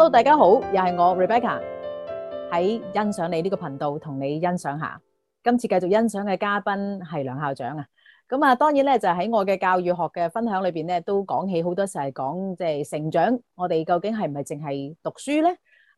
Hello，大家好，又係我 Rebecca 喺《欣賞你呢個頻道》，同你欣賞下。今次繼續欣賞嘅嘉賓係梁校長啊。咁啊，當然咧就喺我嘅教育學嘅分享裏邊咧，都講起好多時係講即係成長，我哋究竟係唔係淨係讀書咧？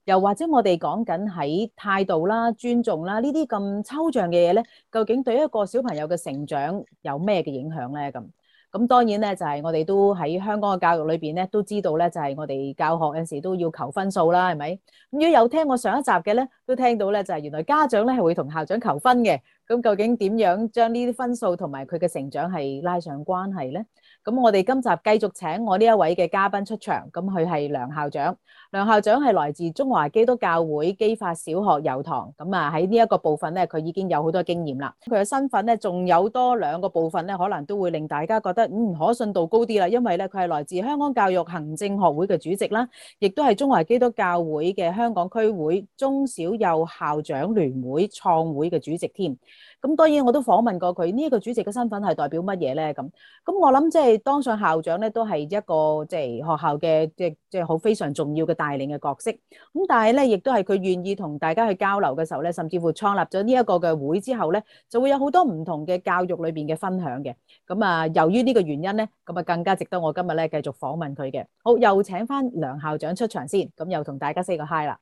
又或者我哋講緊喺態度啦、尊重啦呢啲咁抽象嘅嘢咧，究竟對一個小朋友嘅成長有咩嘅影響咧？咁？咁當然咧，就係我哋都喺香港嘅教育裏邊咧，都知道咧，就係我哋教學有時都要求分數啦，係咪？咁如果有聽我上一集嘅咧，都聽到咧，就係原來家長咧係會同校長求分嘅。咁究竟點樣將呢啲分數同埋佢嘅成長係拉上關係咧？咁我哋今集繼續請我呢一位嘅嘉賓出場，咁佢係梁校長，梁校長係來自中華基督教會基發小學油塘，咁啊喺呢一個部分咧，佢已經有好多經驗啦。佢嘅身份咧，仲有多兩個部分咧，可能都會令大家覺得嗯可信度高啲啦，因為咧佢係來自香港教育行政學會嘅主席啦，亦都係中華基督教會嘅香港區會中小幼校長聯會創會嘅主席添。咁當然我都訪問過佢呢一個主席嘅身份係代表乜嘢咧？咁咁我諗即係。當上校長咧，都係一個即係學校嘅，即係即係好非常重要嘅帶領嘅角色。咁但係咧，亦都係佢願意同大家去交流嘅時候咧，甚至乎創立咗呢一個嘅會之後咧，就會有好多唔同嘅教育裏邊嘅分享嘅。咁啊，由於呢個原因咧，咁啊更加值得我今日咧繼續訪問佢嘅。好，又請翻梁校長出場先，咁又同大家 say 個 hi 啦。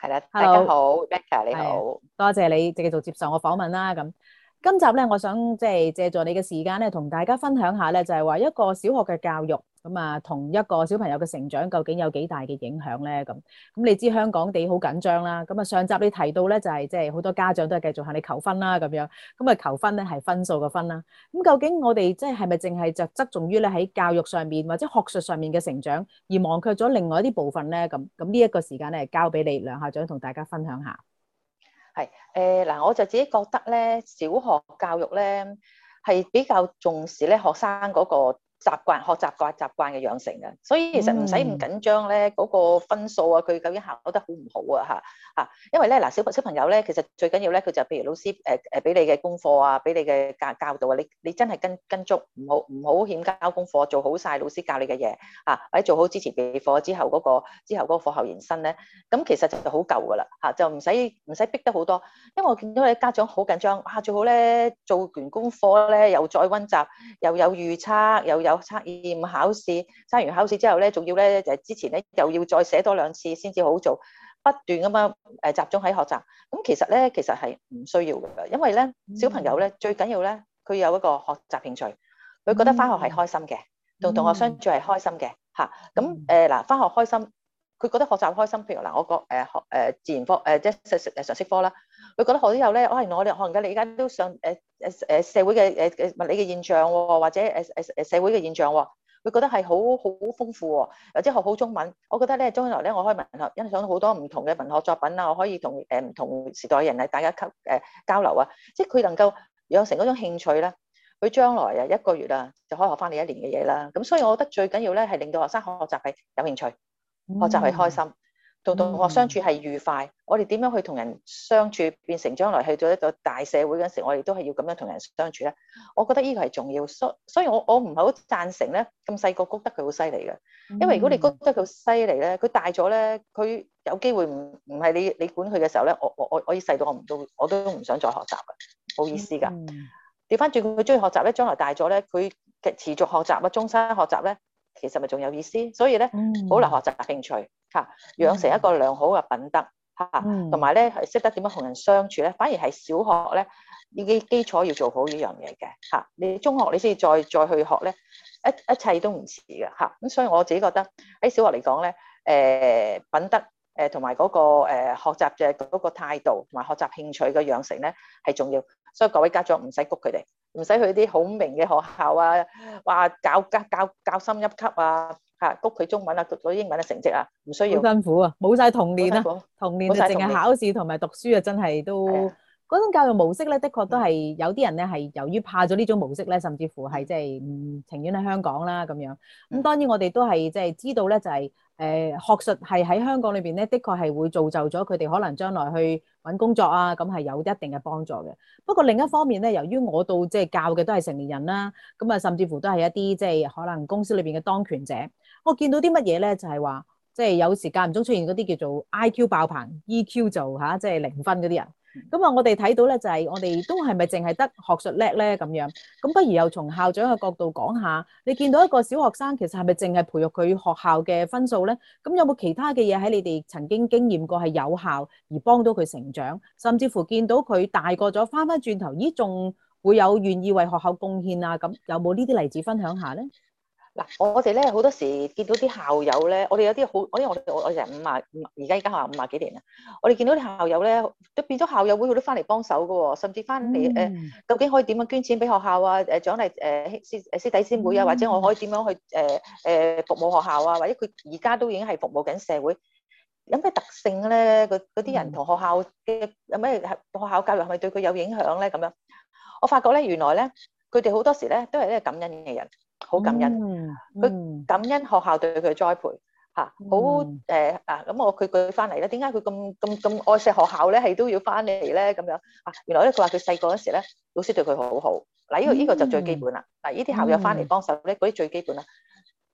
係啦，大家好，Becca，你好，多謝你繼續接受我訪問啦。咁。今集咧，我想即係藉助你嘅時間咧，同大家分享下咧，就係話一個小學嘅教育咁啊，同一個小朋友嘅成長究竟有幾大嘅影響咧？咁咁你知香港地好緊張啦，咁啊上集你提到咧，就係即係好多家長都係繼續向你求分啦咁樣，咁啊求分咧係分數嘅分啦。咁究竟我哋即係係咪淨係就側重於咧喺教育上面或者學術上面嘅成長，而忘卻咗另外一啲部分咧？咁咁呢一個時間咧，交俾你梁校長同大家分享下。係，誒、呃、嗱，我就自己覺得咧，小學教育咧係比較重視咧學生嗰、那個。習慣學習慣習慣嘅養成嘅，所以其實唔使咁緊張咧。嗰、嗯那個分數啊，佢究竟考得好唔好啊？嚇、啊、嚇，因為咧嗱，小朋小朋友咧，其實最緊要咧，佢就譬如老師誒誒俾你嘅功課啊，俾你嘅教教導啊，你你真係跟跟足，唔好唔好欠交功課，做好晒老師教你嘅嘢嚇，或者做好之前備課之後嗰、那個之後嗰個課後延伸咧，咁其實就好夠㗎喇嚇，就唔使唔使逼得好多。因為我見到你家長好緊張，哇、啊！最好咧做完功課咧，又再温習，又有預測，又有～測驗考試，測完考試之後咧，仲要咧就係、是、之前咧又要再寫多兩次先至好，好做，不斷咁樣誒集中喺學習。咁其實咧，其實係唔需要嘅，因為咧、嗯、小朋友咧最緊要咧佢有一個學習興趣，佢覺得翻學係開心嘅，同、嗯、同學相處係開心嘅，吓咁誒嗱，翻、呃、學開心。佢覺得學習開心，譬如嗱，我講誒學誒自然科誒，即係誒常識科啦。佢覺得學咗之後咧，哇！我哋學人家你而家都上誒誒誒社會嘅誒誒物理嘅現象喎，或者誒誒誒社會嘅現象喎，佢覺得係好好豐富喎。又即係學好中文，我覺得咧，將來咧，我可以文學欣賞好多唔同嘅文學作品啊，我可以同誒唔同時代嘅人嚟大家溝誒交流啊。即係佢能夠養成嗰種興趣啦，佢將來啊一個月啊就可以學翻你一年嘅嘢啦。咁所以我覺得最緊要咧係令到學生學學習係有興趣。嗯、學習係開心，同同學相處係愉快。嗯、我哋點樣去同人相處，變成將來去到一個大社會嗰陣時，我哋都係要咁樣同人相處咧。我覺得呢個係重要，所以所以我，我我唔係好贊成咧咁細個覺得佢好犀利嘅。因為如果你覺得佢好犀利咧，佢、嗯、大咗咧，佢有機會唔唔係你你管佢嘅時候咧，我我我我依細到我唔都我都唔想再學習嘅，好意思噶。調翻轉佢中意學習咧，將來大咗咧，佢持續學習啊，終身學習咧。其實咪仲有意思，所以咧保留學習興趣吓，養、嗯、成一個良好嘅品德吓，同埋咧識得點樣同人相處咧，反而係小學咧呢啲基礎要做好呢樣嘢嘅吓，你中學你先再再去學咧，一一切都唔遲嘅吓，咁所以我自己覺得喺小學嚟講咧，誒、呃、品德誒同埋嗰個誒、呃、學習嘅嗰個態度同埋學習興趣嘅養成咧係重要，所以各位家長唔使谷佢哋。唔使去啲好名嘅學校啊，話教教教深一級啊，嚇，谷佢中文啊，讀咗英文嘅成績啊，唔需要。好辛苦啊！冇晒童年啊，童年就淨係考試同埋讀書啊，真係都～嗰種教育模式咧，的確都係有啲人咧係由於怕咗呢種模式咧，甚至乎係即係唔情願喺香港啦咁樣。咁當然我哋都係即係知道咧、就是，就係誒學術係喺香港裏邊咧，的確係會造就咗佢哋可能將來去揾工作啊，咁係有一定嘅幫助嘅。不過另一方面咧，由於我到即係教嘅都係成年人啦，咁啊，甚至乎都係一啲即係可能公司裏邊嘅當權者，我見到啲乜嘢咧，就係話即係有時間唔中出現嗰啲叫做 I.Q 爆棚 E.Q 做就嚇即係零分嗰啲人。咁啊，我哋睇到咧，就係我哋都係咪淨係得學術叻咧咁樣？咁不如又從校長嘅角度講下，你見到一個小學生，其實係咪淨係培育佢學校嘅分數咧？咁有冇其他嘅嘢，喺你哋曾經經驗過係有效而幫到佢成長，甚至乎見到佢大個咗，返返轉頭，咦，仲會有願意為學校貢獻啊？咁有冇呢啲例子分享下咧？嗱，我哋咧好多時見到啲校友咧，我哋有啲好，我因為我我我成五啊五，而家依家學校五啊幾年啦，我哋見到啲校友咧，都變咗校友會佢都翻嚟幫手噶，甚至翻嚟誒，究、嗯、竟可以點樣捐錢俾學校啊？誒，獎勵誒師誒師弟師妹啊，嗯、或者我可以點樣去誒誒、呃、服務學校啊？或者佢而家都已經係服務緊社會，有咩特性咧？佢啲人同學校嘅、嗯、有咩係學校教育係咪對佢有影響咧？咁樣，我發覺咧，原來咧，佢哋好多時咧都係一個感恩嘅人。好感恩，佢、嗯嗯、感恩學校對佢栽培吓，好誒啊咁我佢佢翻嚟咧，點解佢咁咁咁愛錫學校咧？係都要翻嚟咧咁樣啊！原來咧佢話佢細個嗰時咧，老師對佢好好嗱，呢、這個呢、這個就最基本啦。嗱、嗯，呢啲校友翻嚟幫手咧，嗰、嗯、啲最基本啦。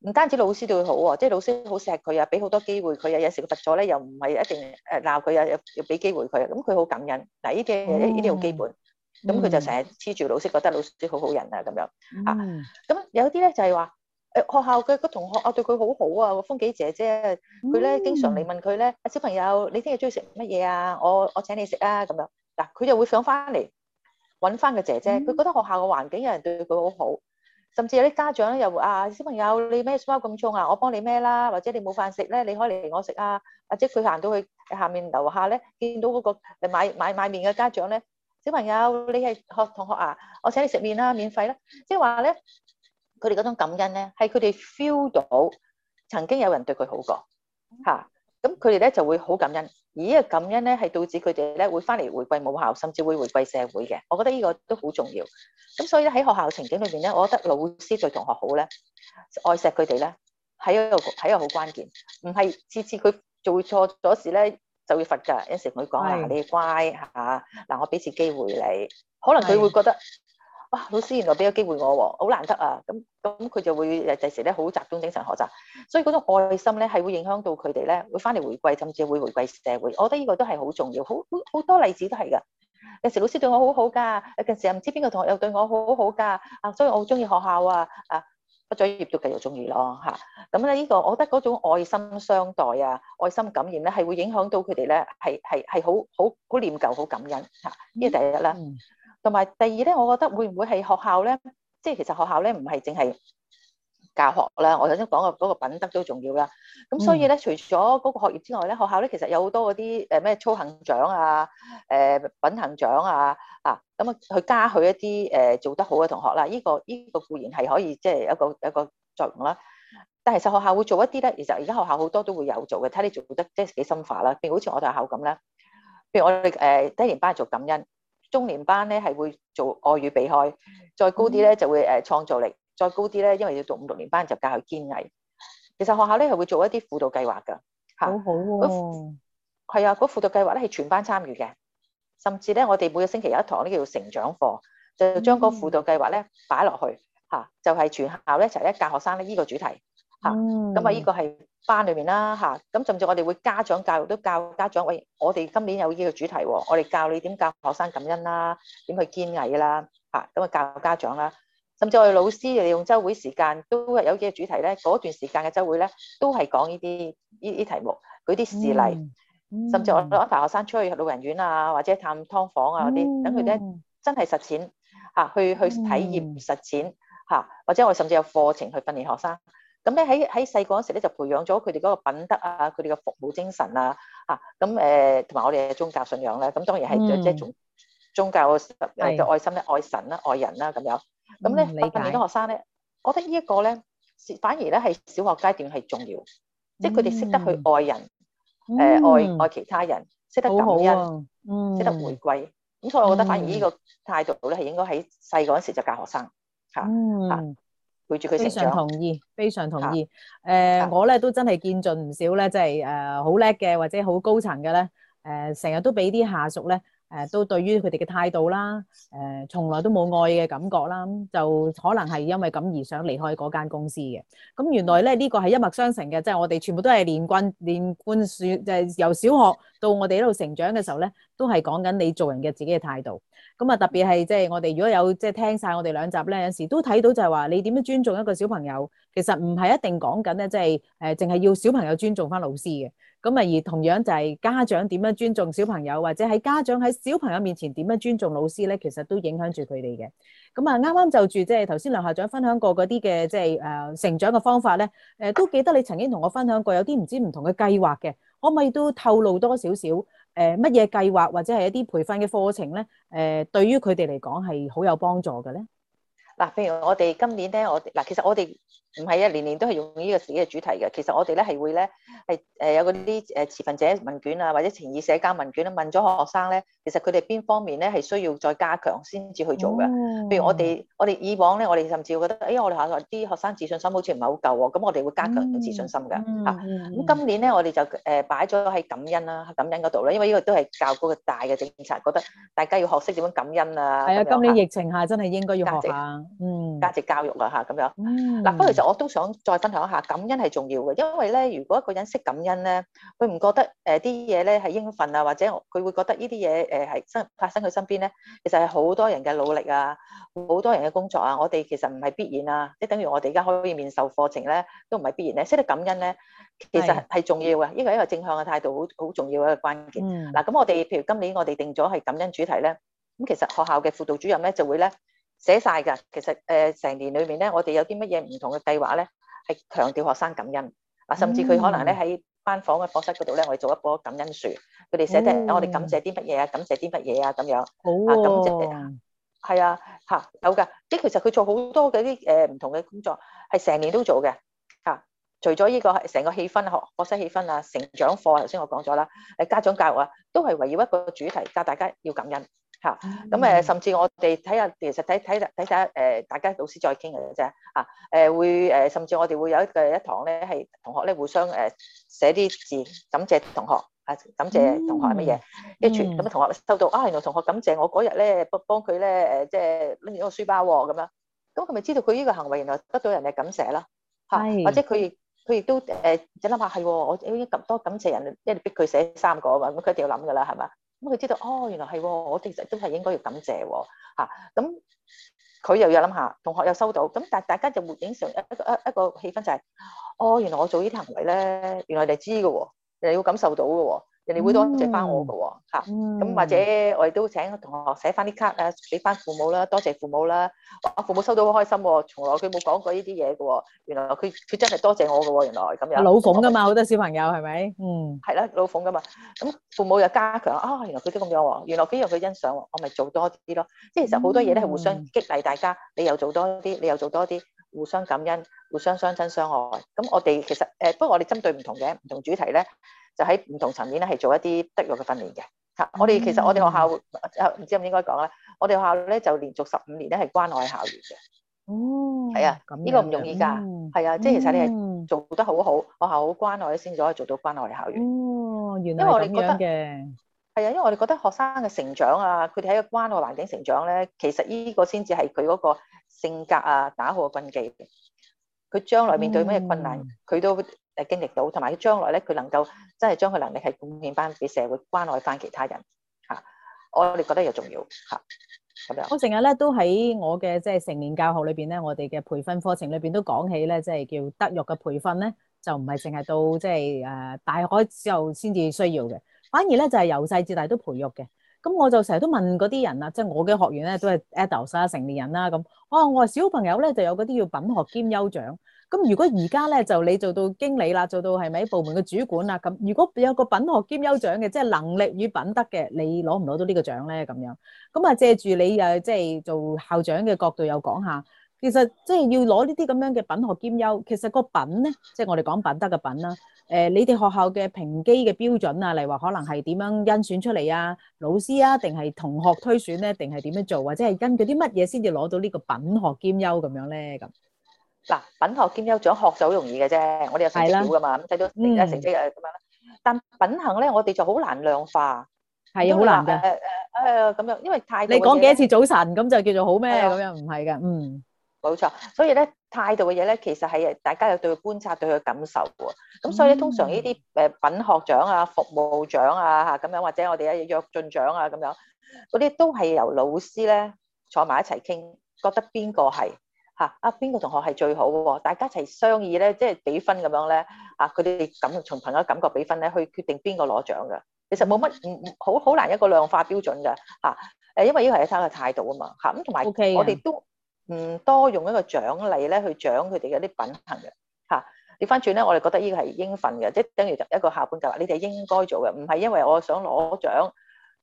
唔單止老師對佢好喎，即、就、係、是、老師好錫佢啊，俾好多機會佢啊，有時佢罰咗咧又唔係一定誒鬧佢啊，又又俾機會佢。咁佢好感恩嗱，呢啲呢啲好基本。嗯嗯咁佢就成日黐住老師，mm. 覺得老師好好人啊咁樣，mm. 啊。咁有啲咧就係話誒學校嘅個同學，我對佢好好啊，風紀姐姐。佢咧，mm. 經常嚟問佢咧，小朋友，你聽日中意食乜嘢啊？我我請你食啊咁樣。嗱，啊，佢就會想翻嚟揾翻個姐姐，佢，mm. 覺得學校個環境有人對佢好好，甚至有啲家長又啊小朋友，你咩包咁重啊？我幫你咩啦？或者你冇飯食咧，你可以嚟我食啊。或者佢行到去下面樓下咧，見到嗰個誒買買買麵嘅家長咧。小朋友，你係學同學啊！我請你食麵啦，免費啦！即係話咧，佢哋嗰種感恩咧，係佢哋 feel 到曾經有人對佢好過吓，咁佢哋咧就會好感恩。而呢個感恩咧，係導致佢哋咧會翻嚟回饋母校，甚至會回饋社會嘅。我覺得呢個都好重要。咁所以咧喺學校情景裏邊咧，我覺得老師對同學好咧，愛錫佢哋咧，係一個係一個好關鍵。唔係次次佢做錯咗事咧。就會罰㗎，有時同佢講話你乖嚇嗱、啊，我俾次機會你，可能佢會覺得哇，老師原來俾咗機會我喎，好難得啊！咁咁佢就會有陣、就是、時咧好集中精神學習，所以嗰種愛心咧係會影響到佢哋咧，會翻嚟回歸，甚至會回歸社會。我覺得呢個都係好重要，好好好多例子都係㗎。有時老師對我好好㗎，有陣時又唔知邊個同學又對我好好㗎啊，所以我好中意學校啊啊！畢咗業都繼續中意咯嚇，咁咧呢個我覺得嗰種愛心相待啊，愛心感染咧係會影響到佢哋咧，係係係好好好念舊好感恩嚇，呢個第一啦。同、嗯、埋第二咧，我覺得會唔會係學校咧，即係其實學校咧唔係淨係。教學啦，我頭先講嘅嗰個品德都重要啦。咁所以咧，除咗嗰個學業之外咧，學校咧其實有好多嗰啲誒咩操行獎啊、誒品行獎啊啊，咁啊去嘉許一啲誒做得好嘅同學啦。呢個呢個固然係可以即係一個一個作用啦。但係其實學校會做一啲咧，其實而家學校好多都會有做嘅，睇你做得即係幾深化啦。譬如好似我哋校咁啦，譬如我哋誒低年班係做感恩，中年班咧係會做愛與被愛，再高啲咧就會誒創造力。嗯再高啲咧，因為要讀五六年班就教佢堅毅。其實學校咧係會做一啲輔導計劃噶，吓。好好喎。係啊，嗰輔導計劃咧係全班參與嘅，甚至咧我哋每個星期有一堂呢叫做「成長課」，就將嗰輔導計劃咧擺落去，吓，就係全校一齊咧教學生咧呢個主題，吓。咁啊呢個係班裏面啦，吓。咁甚至我哋會家長教育都教家長，喂，我哋今年有呢個主題喎，我哋教你點教學生感恩啦，點去堅毅啦，吓，咁啊教家長啦。甚至我哋老師利用周會時間，都係有幾個主題咧。嗰段時間嘅周會咧，都係講呢啲呢啲題目，舉啲事例、嗯。甚至我安排學生出去老人院啊，或者探劏房啊嗰啲，等佢咧真係實踐嚇，去去體驗實踐嚇、嗯，或者我甚至有課程去訓練學生。咁咧喺喺細個嗰時咧，就培養咗佢哋嗰個品德啊，佢哋嘅服務精神啊，嚇，咁誒同埋我哋嘅宗教信仰咧、啊。咁當然係即係宗宗教嘅愛心咧，愛神啦、啊，愛人啦、啊、咁樣。咁咧，訓練啲學生咧，我覺得依一個咧，反而咧係小學階段係重要，即係佢哋識得去愛人，誒愛愛其他人，識得感恩，嗯，識得回饋。咁所以我覺得反而依個態度咧係應該喺細個嗰時就教學生嚇，陪住佢成長。非常同意，非常同意。誒，我咧都真係見盡唔少咧，即係誒好叻嘅，或者好高層嘅咧，誒成日都俾啲下屬咧。誒都對於佢哋嘅態度啦，誒從來都冇愛嘅感覺啦，就可能係因為咁而想離開嗰間公司嘅。咁原來咧呢個係一脈相承嘅，即係我哋全部都係連貫連貫説，就係由小學。到我哋呢度成長嘅時候咧，都係講緊你做人嘅自己嘅態度。咁啊，特別係即係我哋如果有即係聽晒我哋兩集咧，有時都睇到就係話你點樣尊重一個小朋友，其實唔係一定講緊咧，即係誒，淨係要小朋友尊重翻老師嘅。咁啊，而同樣就係家長點樣尊重小朋友，或者喺家長喺小朋友面前點樣尊重老師咧，其實都影響住佢哋嘅。咁啊，啱啱就住即係頭先梁校長分享過嗰啲嘅即係誒成長嘅方法咧，誒都記得你曾經同我分享過有啲唔知唔同嘅計劃嘅。可唔可以都透露多少少誒乜嘢計劃或者係一啲培訓嘅課程咧？誒、呃、對於佢哋嚟講係好有幫助嘅咧。嗱，譬如我哋今年咧，我哋嗱其實我哋。唔係啊，年年都係用呢個自己嘅主題嘅。其實我哋咧係會咧係誒有嗰啲誒持份者問卷啊，或者情意社交問卷咧問咗學生咧，其實佢哋邊方面咧係需要再加強先至去做嘅。譬、嗯、如我哋我哋以往咧，我哋甚至覺得，誒、哎、我哋下個啲學生自信心好似唔係好夠喎，咁我哋會加強自信心嘅嚇。咁、嗯嗯嗯啊、今年咧，我哋就誒擺咗喺感恩啦，感恩嗰度咧，因為呢個都係教嗰個大嘅政策，覺得大家要學識點樣感恩啊。係啊，今年疫情下真係應該要學嗯，價值教育啊嚇咁、嗯啊、樣。嗱、嗯，不過、嗯我都想再分享一下感恩係重要嘅，因為咧，如果一個人識感恩咧，佢唔覺得誒啲嘢咧係應份啊，或者佢會覺得呢啲嘢誒係生發生佢身邊咧，其實係好多人嘅努力啊，好多人嘅工作啊，我哋其實唔係必然啊，即係等於我哋而家可以面授課程咧，都唔係必然咧，啊。識得感恩咧，其實係重要嘅，依個一個正向嘅態度，好好重要嘅一個關鍵。嗱、嗯，咁、啊、我哋譬如今年我哋定咗係感恩主題咧，咁其實學校嘅輔導主任咧就會咧。寫晒噶，其實誒成、呃、年裏面咧，我哋有啲乜嘢唔同嘅計劃咧，係強調學生感恩啊，甚至佢可能咧喺、mm. 班房嘅課室嗰度咧，我哋做一棵感恩樹，佢哋寫啲我哋感謝啲乜嘢啊，感謝啲乜嘢啊咁樣，好啊，感謝啊，係啊，吓有噶，即其實佢做好多嘅啲誒唔同嘅工作，係成年都做嘅，吓除咗呢個成個氣氛啊，學學生氣氛啊，成長課頭先我講咗啦，誒、啊、家長教育啊，都係圍繞一個主題教大家要感恩。吓、嗯，咁誒，甚至我哋睇下，其實睇睇睇睇誒，大家老師再傾嘅啫，嚇、啊，誒會誒，甚至我哋會有一個一堂咧，係同學咧互相誒寫啲字，感謝同學，啊感謝同學係乜嘢、嗯，一傳咁、嗯、同學收到啊，原來同學感謝我嗰日咧幫幫佢咧誒，即係拎住個書包喎、哦，咁樣，咁佢咪知道佢呢個行為原來得到人嘅感謝啦，嚇，或者佢亦佢亦都誒，就諗下係喎，我依撳多咁多感謝人，一定逼佢寫三個啊嘛，咁佢一定要諗噶啦，係嘛？咁佢知道，哦，原來係、哦，我哋其實都係應該要感謝喎、哦，咁、啊、佢又要諗下，同學又收到，咁但係大家就會影上一一個一一個氣氛就係、是，哦，原來我做呢啲行為咧，原來你知嘅喎、哦，你要感受到嘅喎、哦。你哋會多謝翻我噶喎、哦，咁、嗯啊、或者我哋都請同學寫翻啲卡啊，俾翻父母啦，多謝父母啦。我父母收到好開心喎、哦，從來佢冇講過呢啲嘢噶喎。原來佢佢真係多謝我噶喎、哦，原來咁樣。老奉噶嘛，好多小朋友係咪？嗯，係啦、啊，老奉噶嘛。咁父母又加強啊，原來佢都咁樣喎、哦。原來俾人佢欣賞喎，我咪做多啲咯。即係其實好多嘢咧係互相激勵大家，你又做多啲，你又做多啲。互相感恩，互相相親相愛。咁我哋其實誒，不過我哋針對唔同嘅唔同主題咧，就喺唔同層面咧，係做一啲德育嘅訓練嘅。嚇、嗯，我哋其實我哋學校唔、嗯、知唔應該講啦。我哋學校咧就連續十五年咧係關愛校園嘅。哦，係啊，呢個唔容易㗎。係、嗯、啊，即、就、係、是、其實你係做得好好，嗯、學校好關愛先至可以做到關愛校園。哦，原來係咁樣嘅。係啊，因為我哋覺得學生嘅成長啊，佢哋喺一個關愛環境成長咧，其實呢個先至係佢嗰個。性格啊，打好個根基。佢將來面對咩困難，佢、嗯、都誒經歷到，同埋佢將來咧，佢能夠真係將佢能力係鍛鍊翻俾社會關愛翻其他人嚇、啊。我哋覺得又重要嚇咁、啊、樣。我成日咧都喺我嘅即係成年教學裏邊咧，我哋嘅培訓課程裏邊都講起咧，即、就、係、是、叫德育嘅培訓咧，就唔係淨係到即係誒大學之後先至需要嘅，反而咧就係由細至大都培育嘅。咁我就成日、就是、都問嗰啲人啦，即係我嘅學員咧都係 adults 啊，成年人啦、啊、咁、哦。我話小朋友咧就有嗰啲叫品學兼優獎。咁如果而家咧就你做到經理啦，做到係咪部門嘅主管啦？咁如果有個品學兼優獎嘅，即、就、係、是、能力與品德嘅，你攞唔攞到呢個獎咧？咁樣咁啊，借住你即係、就是、做校長嘅角度又講下。其實即係要攞呢啲咁樣嘅品學兼優，其實個品咧，即係我哋講品德嘅品啦。誒，你哋學校嘅評基嘅標準啊，例如話可能係點樣甄選出嚟啊，老師啊，定係同學推選咧，定係點樣做，或者係根據啲乜嘢先至攞到呢個品學兼優咁樣咧？咁嗱，品學兼優獎學就好容易嘅啫，我哋有細表噶嘛，咁睇到成績咁樣。但品行咧，我哋就好難量化，係啊，好難嘅。誒誒誒，咁樣，因為太你講幾多次早晨咁就叫做好咩？咁樣唔係噶，嗯。冇錯，所以咧態度嘅嘢咧，其實係大家有對佢觀察、對佢感受嘅。咁所以咧，通常呢啲誒品學獎啊、服務獎啊吓咁樣，或者我哋啊約進獎啊咁樣，嗰啲都係由老師咧坐埋一齊傾，覺得邊個係吓啊邊、啊、個同學係最好喎？大家一齊商議咧，即係比分咁樣咧啊，佢哋感從朋友感覺比分咧去決定邊個攞獎嘅。其實冇乜唔好好難一個量化標準嘅吓誒，因為呢係睇下個態度嘛啊嘛吓咁，同埋我哋都。Okay. 唔多用一個獎勵咧去獎佢哋嘅啲品行嘅，嚇、啊。調翻轉咧，我哋覺得呢個係應份嘅，即、就、係、是、等於就一個下半就話，你哋應該做嘅，唔係因為我想攞獎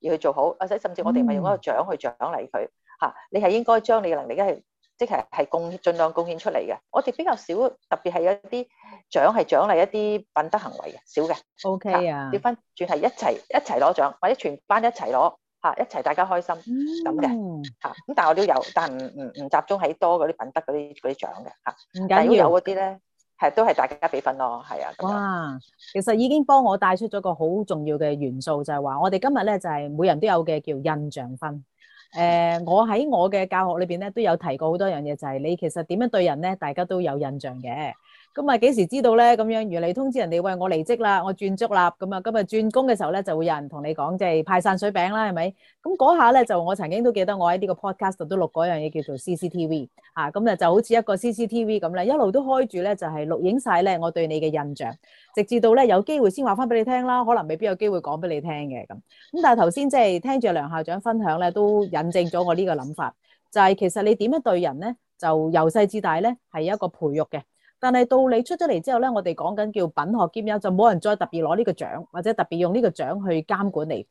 而去做好。啊，甚至我哋咪用一個獎去獎勵佢，嚇、啊。你係應該將你嘅能力，而家係即係係貢盡量貢獻出嚟嘅。我哋比較少，特別係有啲獎係獎勵一啲品德行為嘅，少嘅。O、okay. K 啊，調翻轉係一齊一齊攞獎，或者全班一齊攞。一齊大家開心咁嘅嚇，咁、嗯、但係我都有，但係唔唔唔集中喺多嗰啲品德嗰啲啲獎嘅嚇。唔緊要，有嗰啲咧，係都係大家俾分咯，係啊。哇！其實已經幫我帶出咗個好重要嘅元素，就係、是、話我哋今日咧就係、是、每人都有嘅叫印象分。誒、呃，我喺我嘅教學裏邊咧都有提過好多樣嘢，就係、是、你其實點樣對人咧，大家都有印象嘅。咁啊，幾時知道咧？咁樣如你通知人哋，喂，我離職啦，我轉職啦。咁啊，今日轉工嘅時候咧，就會有人同你講，即係派散水餅啦，係咪？咁嗰下咧，就我曾經都記得，我喺呢個 podcast 度都錄過樣嘢，叫做 CCTV 啊。咁啊，就好似一個 CCTV 咁咧，一路都開住咧，就係錄影晒咧，我對你嘅印象，直至到咧有機會先話翻俾你聽啦。可能未必有機會講俾你聽嘅咁。咁但係頭先即係聽住梁校長分享咧，都引證咗我呢個諗法，就係其實你點樣對人咧，就由細至大咧係一個培育嘅。但係到你出咗嚟之後咧，我哋講緊叫品學兼優，就冇人再特別攞呢個獎，或者特別用呢個獎去監管你。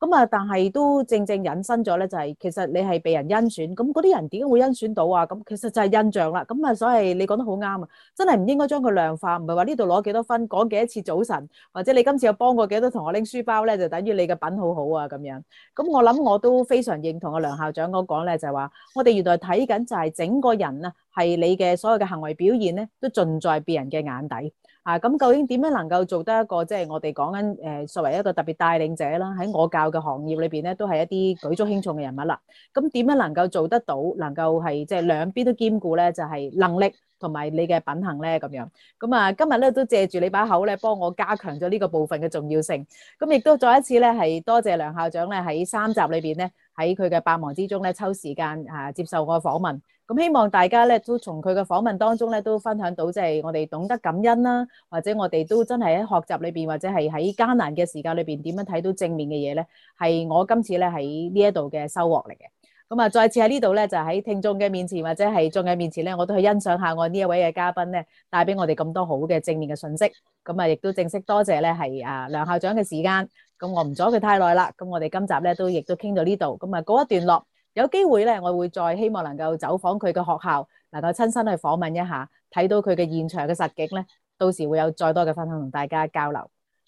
咁啊，但係都正正引申咗咧、就是，就係其實你係被人甄選，咁嗰啲人點解會甄選到啊？咁其實就係印象啦。咁啊，所以你講得好啱啊，真係唔應該將佢量化，唔係話呢度攞幾多分，講幾多次早晨，或者你今次有幫過幾多同學拎書包咧，就等於你嘅品好好啊咁樣。咁我諗我都非常認同阿梁校長講講咧，就係、是、話我哋原來睇緊就係整個人啊，係你嘅所有嘅行為表現咧，都盡在別人嘅眼底。啊，咁究竟點樣能夠做得一個即係我哋講緊誒，作為一個特別帶領者啦，喺我教嘅行業裏邊咧，都係一啲舉足輕重嘅人物啦。咁點樣能夠做得到，能夠係即係兩邊都兼顧咧？就係能力同埋你嘅品行咧，咁樣。咁啊，今日咧都借住你把口咧，幫我加強咗呢個部分嘅重要性。咁亦都再一次咧，係多謝梁校長咧，喺三集裏邊咧。喺佢嘅百忙之中咧，抽時間啊接受我嘅訪問。咁希望大家咧都從佢嘅訪問當中咧都分享到，即係我哋懂得感恩啦，或者我哋都真係喺學習裏邊，或者係喺艱難嘅時間裏邊，點樣睇到正面嘅嘢咧？係我今次咧喺呢一度嘅收穫嚟嘅。咁啊，再次喺呢度咧，就喺聽眾嘅面前或者係眾嘅面前咧，我都去欣賞下我呢一位嘅嘉賓咧，帶俾我哋咁多好嘅正面嘅信息。咁啊，亦都正式多謝咧，係啊梁校長嘅時間。咁我唔阻佢太耐啦。咁我哋今集咧都亦都傾到呢度。咁啊，告一段落。有機會咧，我會再希望能夠走訪佢嘅學校，能夠親身去訪問一下，睇到佢嘅現場嘅實景咧，到時會有再多嘅分享同大家交流。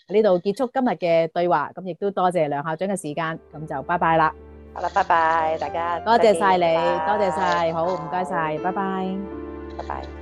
喺呢度結束今日嘅對話。咁亦都多謝梁校長嘅時間。咁就拜拜啦。好啦，拜拜，大家多謝晒你，多謝晒，好唔該晒，拜拜，拜拜。拜拜。